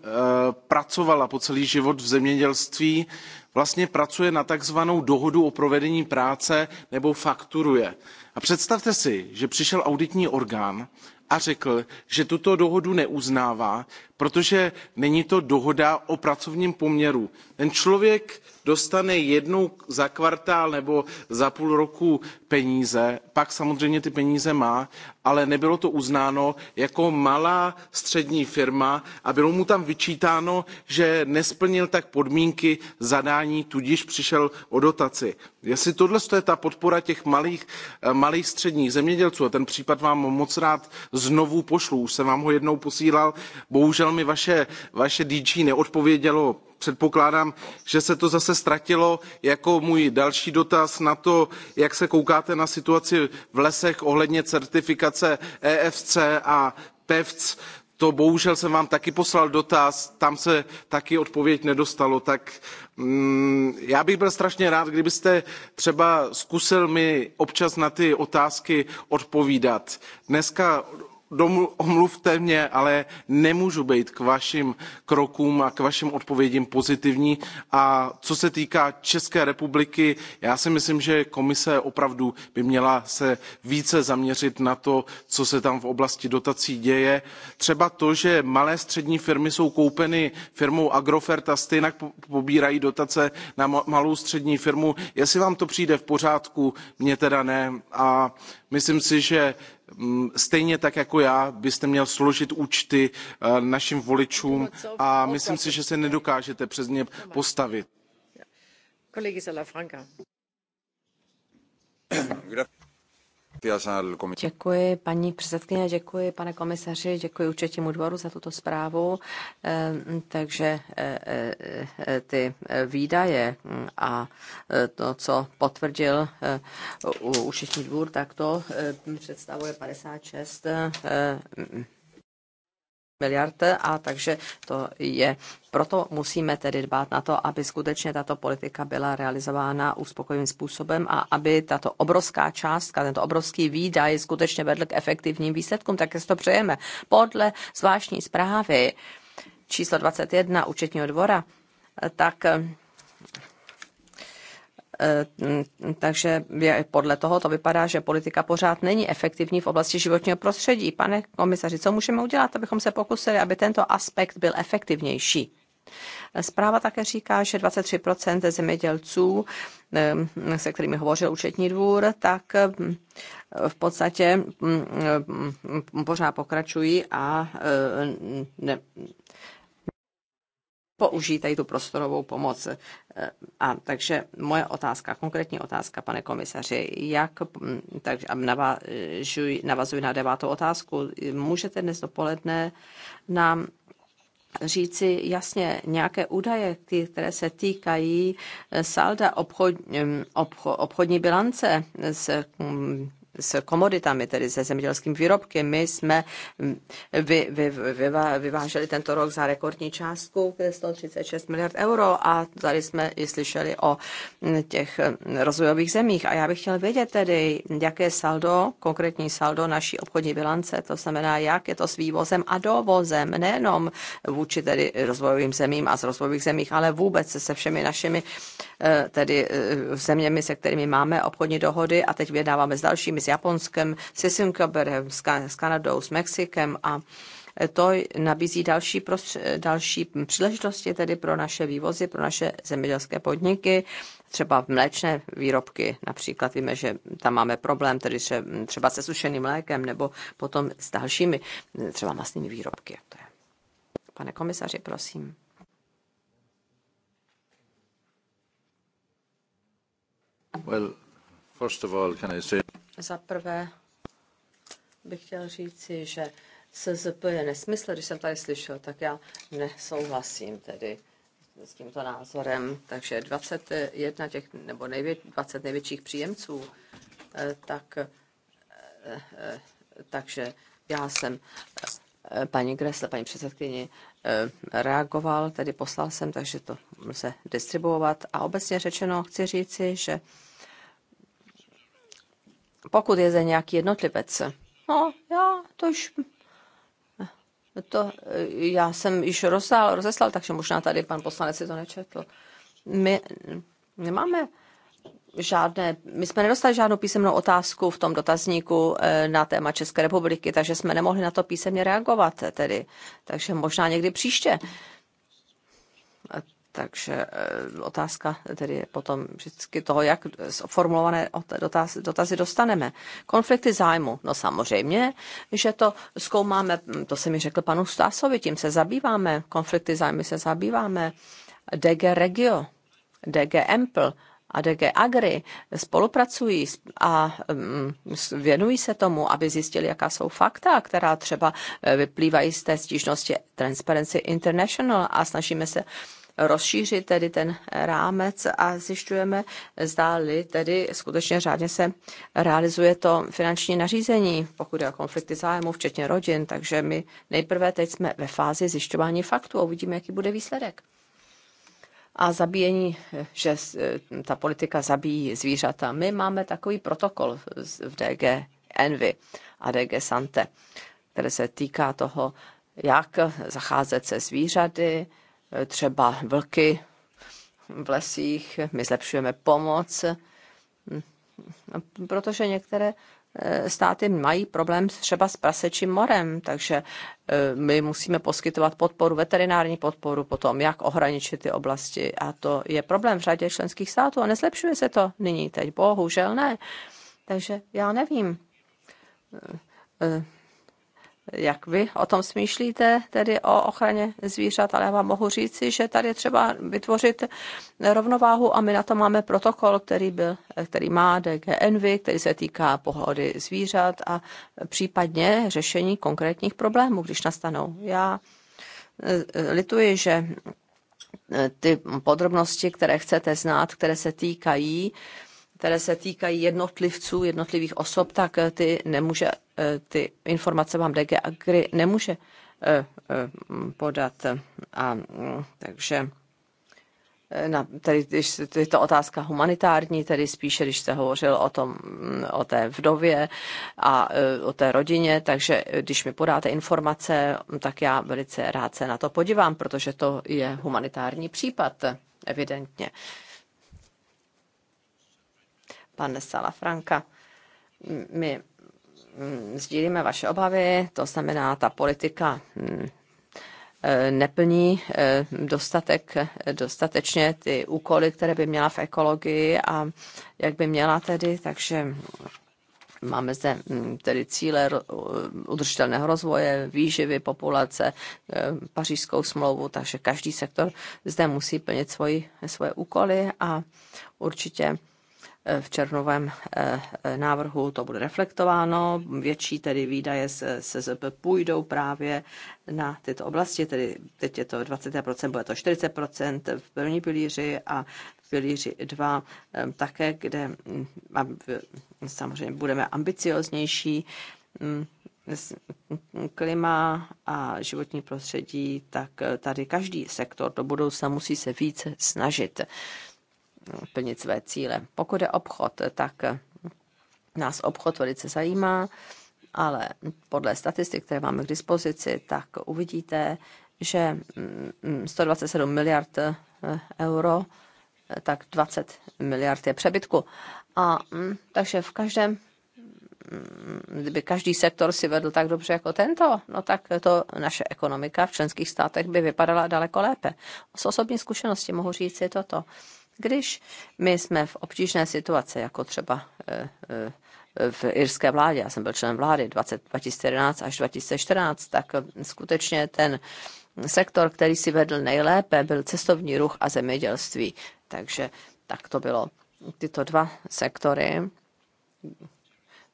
pracovala po celý život v zemědělství, vlastně pracuje na takzvanou dohodu o provedení práce nebo fakturuje. A představte si, že přišel auditní orgán a řekl, že tuto dohodu neuznává, protože není to dohoda o pracovním poměru. ten člověk dostane jednou za kvartál nebo za půl roku peníze pak samozřejmě ty peníze má ale nebylo to uznáno jako malá střední firma a bylo mu tam vyčítáno že nesplnil tak podmínky zadání tudíž přišel o dotaci. jestli tohle je ta podpora těch malých, eh, malých středních zemědělců a ten případ vám moc rád znovu pošlu už jsem vám ho jednou posílal bohužel bohužel mi vaše, vaše DG neodpovědělo předpokládám že se to zase ztratilo jako můj další dotaz na to jak se koukáte na situaci v lesech ohledně certifikace efc a pevc to bohužel jsem vám taky poslal dotaz tam se taky odpověď nedostalo tak mm, já bych byl strašně rád kdybyste třeba zkusil mi občas na ty otázky odpovídat. dneska domlu, omluvte mě, ale nemůžu být k vašim krokům a k vašim odpovědím pozitivní. A co se týká České republiky, já si myslím, že komise opravdu by měla se více zaměřit na to, co se tam v oblasti dotací děje. Třeba to, že malé střední firmy jsou koupeny firmou Agrofert a stejně pobírají dotace na malou střední firmu. Jestli vám to přijde v pořádku, mně teda ne. A myslím si, že Mm, stejně tak jako já byste měl složit účty eh, našim voličům a myslím si, že se nedokážete přes ně postavit. Děkuji paní předsedkyně, děkuji pane komisaři, děkuji účetnímu dvoru za tuto zprávu. Ehm, takže e, e, e, ty výdaje hm, a to, co potvrdil účetní dvůr, tak to představuje 56 miliard a takže to je, proto musíme tedy dbát na to, aby skutečně tato politika byla realizována uspokojivým způsobem a aby tato obrovská částka, tento obrovský výdaj skutečně vedl k efektivním výsledkům, tak si to přejeme. Podle zvláštní zprávy číslo 21 účetního dvora, tak Eh, takže podle toho to vypadá, že politika pořád není efektivní v oblasti životního prostředí. Pane komisaři, co můžeme udělat, abychom se pokusili, aby tento aspekt byl efektivnější? Zpráva také říká, že 23% zemědělců, eh, se kterými hovořil účetní dvůr, tak eh, v podstatě mm, mm, pořád pokračují a ne, použijí tady tu prostorovou pomoc. Eh, a takže moje otázka, konkrétní otázka, pane komisaři, jak, mm, takže navazuji, navazuji na devátou otázku, můžete dnes dopoledne nám říci jasně nějaké údaje, které se týkají eh, salda obchod, mm, obcho, obchodní bilance s mm, s komoditami, tedy se zemědělskými výrobky. My jsme mm, vy, vy, vy, vyváželi tento rok za rekordní částku, 136 miliard euro a tady jsme i slyšeli o mm, těch mm, rozvojových zemích. A já bych chtěl vědět tedy, jaké saldo, konkrétní saldo naší obchodní bilance, to znamená, jak je to s vývozem a dovozem, nejenom vůči tedy rozvojovým zemím a z rozvojových zemích, ale vůbec se všemi našimi eh, tedy eh, zeměmi, se kterými máme obchodní dohody a teď vyjednáváme s dalšími s Japonskem, se Singaporem, s Kanadou, s Mexikem a to nabízí další, prostř- další příležitosti tedy pro naše vývozy, pro naše zemědělské podniky, třeba v mléčné výrobky. Například víme, že tam máme problém tedy třeba se sušeným mlékem nebo potom s dalšími třeba masnými výrobky. To je. Pane komisaři, prosím. Well, first of all, can I say... Za prvé bych chtěl říci, že SZP je nesmysl, když jsem tady slyšel, tak já nesouhlasím tedy s tímto názorem. Takže 21 těch, nebo nejvě, 20 největších příjemců, eh, tak, eh, eh, takže já jsem paní Gressle, paní předsedkyni, reagoval, tedy poslal jsem, takže to lze distribuovat. A obecně řečeno chci říci, že pokud je zde nějaký jednotlivec, no já to už to já jsem již rozdál, rozeslal, takže možná tady pan poslanec si to nečetl. My nemáme žádné, my jsme nedostali žádnou písemnou otázku v tom dotazníku eh, na téma České republiky, takže jsme nemohli na to písemně reagovat tedy. Takže možná někdy příště. Takže eh, otázka tedy je potom vždycky toho, jak formulované dotaz, dotazy dostaneme. Konflikty zájmu. No samozřejmě, že to zkoumáme, hm, to se mi řekl panu Stásovi, tím se zabýváme, konflikty zájmy se zabýváme. DG Regio, DG Empl a DG Agri spolupracují a hm, věnují se tomu, aby zjistili, jaká jsou fakta, která třeba eh, vyplývají z té stížnosti Transparency International a snažíme se rozšířit tedy ten rámec a zjišťujeme, zdáli tedy skutečně řádně se realizuje to finanční nařízení, pokud je o konflikty zájmu, včetně rodin. Takže my nejprve teď jsme ve fázi zjišťování faktů a uvidíme, jaký bude výsledek a zabíjení, že e, ta politika zabíjí zvířata. My máme takový protokol v DG Envy a DG Sante, který se týká toho, jak zacházet se zvířaty, třeba vlky v lesích, my zlepšujeme pomoc, protože některé eh, státy mají problém třeba s prasečím morem, takže eh, my musíme poskytovat podporu, veterinární podporu potom, jak ohraničit ty oblasti. A to je problém v řadě členských států a nezlepšuje se to nyní teď, bohužel ne. Takže já nevím eh, jak vy o tom smýšlíte, tedy o ochraně zvířat, ale já vám mohu říci, že tady je třeba vytvořit rovnováhu a my na to máme protokol, který, byl, který má DGNV, který se týká pohody zvířat a případně řešení konkrétních problémů, když nastanou. Já eh, eh, lituji, že eh, ty podrobnosti, které chcete znát, které se týkají, které se týkají jednotlivců, jednotlivých osob, tak eh, ty nemůže, eh, ty informace vám DG Agri nemůže eh, podat. A, mm, takže na, tedy, když, je to otázka humanitární, tedy spíše, když jste hovořil o, tom, mm, o té vdově a o té rodině, takže když mi podáte informace, mm, tak já velice rád se na to podívám, protože to je humanitární případ, evidentně. Uh, pan Salafranka. My mm, sdílíme vaše obavy, to znamená, ta politika mm, e, neplní e, dostatek, dostatečně ty úkoly, které by měla v ekologii a jak by měla tedy, takže máme zde mm, tedy cíle udržitelného rozvoje, výživy populace, e, pařížskou smlouvu, takže každý sektor zde musí plnit svoji, svoje úkoly a určitě v červnovém eh, eh, návrhu to bude reflektováno. Větší tedy výdaje se SZP půjdou právě na tyto oblasti, tedy teď je to 20%, bude to 40% v první pilíři a v pilíři 2 eh, také, kde mm, samozřejmě budeme ambicioznější mm, mm, klima a životní prostředí, tak tady každý sektor do budoucna musí se více snažit. No, plnit své cíle. Pokud je obchod, tak eh, nás obchod velice zajímá, ale podle statistik, které máme k dispozici, tak uvidíte, že 127 mm, mm, miliard eh, euro, eh, tak 20 miliard je přebytku. A mm, takže v každém kdyby každý sektor si vedl tak dobře jako tento, no tak to naše ekonomika v členských státech by vypadala daleko lépe. Z osobní zkušenosti mohu říct si toto. Když my jsme v obtížné situaci, jako třeba eh, eh, v irské vládě, já jsem byl člen vlády 20, 2011 až 2014, tak eh, skutečně ten sektor, který si vedl nejlépe, byl cestovní ruch a zemědělství. Takže tak to bylo. Tyto dva sektory,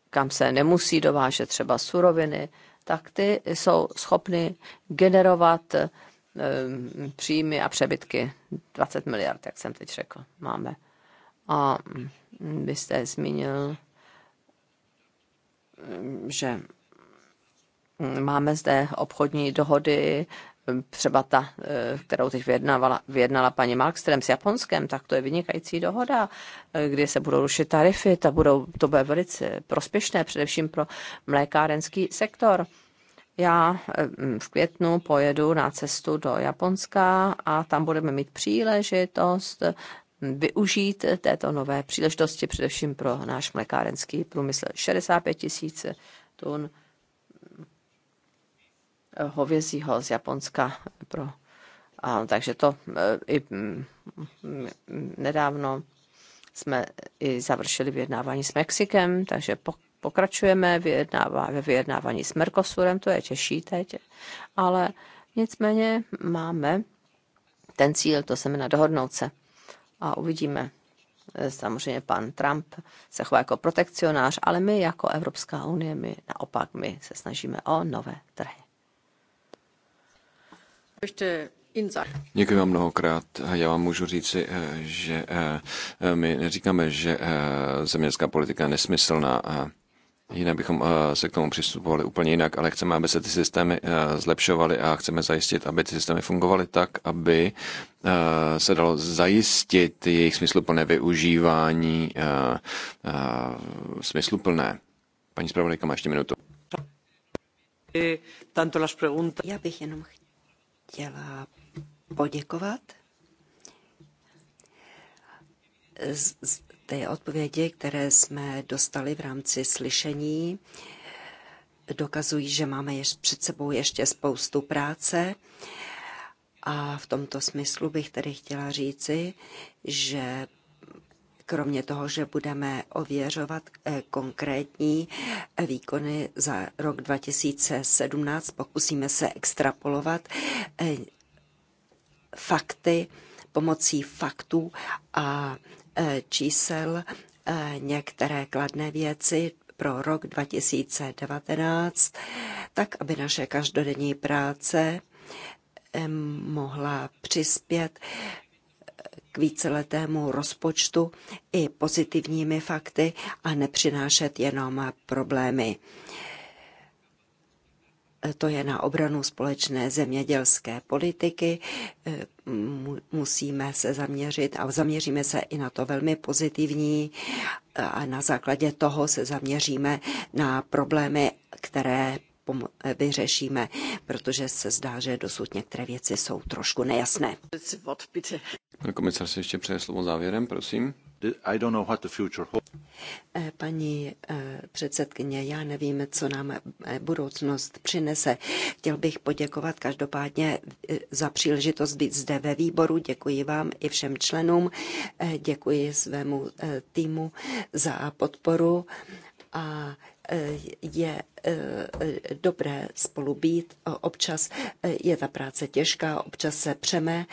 kam se nemusí dovážet třeba suroviny, tak ty jsou schopny generovat Ehm, příjmy a přebytky. 20 miliard, jak jsem teď řekl, máme. A mm, vy jste zmínil, mm, že mm, máme zde obchodní dohody, třeba ta, eh, kterou teď vyjednala, vyjednala paní Markström s Japonskem, tak to je vynikající dohoda, eh, kdy se budou rušit tarify, ta budou, to bude velice prospěšné, především pro mlékárenský sektor. Já eh, mm, v květnu pojedu na cestu do Japonska a tam budeme mít příležitost mm, využít této nové příležitosti především pro náš mlékárenský průmysl. 65 tisíc tun mm, hovězího z Japonska pro a, takže to eh, i nedávno jsme i završili vyjednávání s Mexikem, takže pokračujeme ve vyjednávání s Mercosurem, to je těžší teď, ale nicméně máme ten cíl, to znamená dohodnout se. A uvidíme. Samozřejmě pan Trump se chová jako protekcionář, ale my jako Evropská unie, my naopak, my se snažíme o nové trhy. Ještě Děkuji vám mnohokrát. Já vám můžu říci, eh, že eh, eh, my neříkáme, že zemědělská politika je nesmyslná. Jinak bychom eh, se k tomu přistupovali úplně jinak, ale chceme, aby se ty systémy eh, zlepšovaly a chceme zajistit, aby ty systémy fungovaly tak, aby eh, se dalo zajistit jejich smysluplné využívání smysluplné. Paní zpravodajka má ještě minutu. Já bych jenom chtěla poděkovat ty odpovědi, které jsme dostali v rámci slyšení, dokazují, že máme před sebou ještě spoustu práce. A v tomto smyslu bych tedy chtěla říci, že kromě toho, že budeme ověřovat eh, konkrétní eh, výkony za rok 2017, pokusíme se extrapolovat eh, fakty pomocí faktů a Eh, čísel, eh, některé kladné věci pro rok 2019, tak aby naše každodenní práce eh, mohla přispět k víceletému rozpočtu i pozitivními fakty a nepřinášet jenom problémy to je na obranu společné zemědělské politiky. Eh, musíme se zaměřit a zaměříme se i na to velmi pozitivní a na základě toho se zaměříme na problémy, které Eh, vyřešíme, protože se zdá, že dosud některé věci jsou trošku nejasné. Komisar se ještě přeje slovo závěrem, prosím. I don't know what the future holds. Eh, paní eh, předsedkyně, já nevím, co nám budoucnost přinese. Chtěl bych poděkovat každopádně za příležitost být zde ve výboru. Děkuji vám i všem členům, děkuji svému týmu za podporu a je eh, dobré spolu být. Občas eh, je ta práce těžká, občas se přeme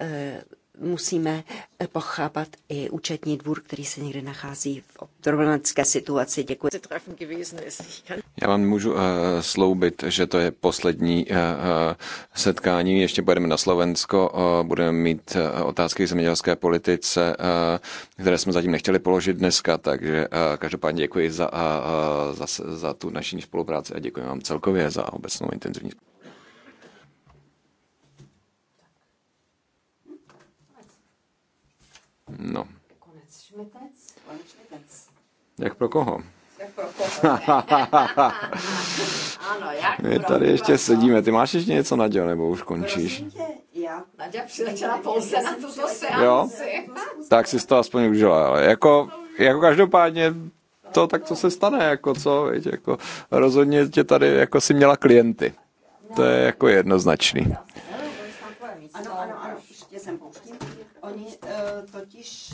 eh, musíme eh, pochápat i účetní dvůr, který se někde nachází v problematické situaci. Děkuji. Já vám můžu uh, sloubit, že to je poslední uh, setkání. Ještě pojedeme na Slovensko, uh, budeme mít uh, otázky k zemědělské politice, uh, které jsme zatím nechtěli položit dneska, takže uh, každopádně děkuji za, uh, za, za tu naši spolupráci a děkuji vám celkově za obecnou intenzivní spolupráci. No. Jak pro koho? ano, jak My tady ještě sedíme. Ty máš ještě něco, Nadějo, nebo už končíš? já. přiletěla pouze na tuto seanci. Jo? Tak si to aspoň užila, ale jako, jako každopádně to tak, co se stane, jako co, víš, jako rozhodně tě tady jako si měla klienty. To je jako jednoznačný. Ano, ano, Oni eh, totiž